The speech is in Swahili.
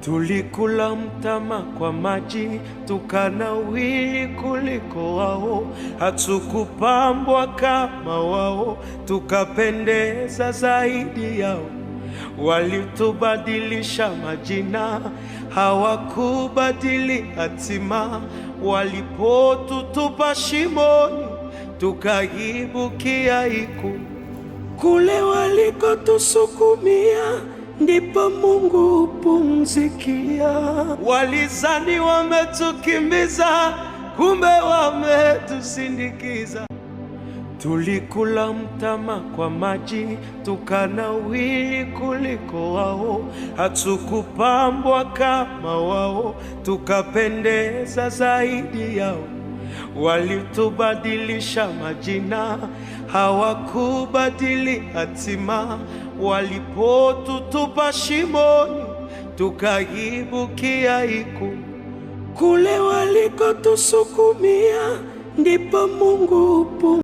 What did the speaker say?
Tulikula mtama kwa maji, tukanawili kuliko wao, hatukupambwa kama wao, tukapendeza zaidi yao. Walitubadilisha majina, hawakubadili hatima. Walipotutupa shimoni, tukaibukia iku. Kule walikotusukumia ndipo Mungu upumzikia. Walizani wametukimbiza, kumbe wametusindikiza. Tulikula mtama kwa maji, tukanawili kuliko wao. Hatukupambwa kama wao, tukapendeza zaidi yao. Walitubadilisha majina, hawakubadili hatima. Walipotutupa shimoni, tukaibukia iku. Kule walikotusukumia, ndipo Mungu upo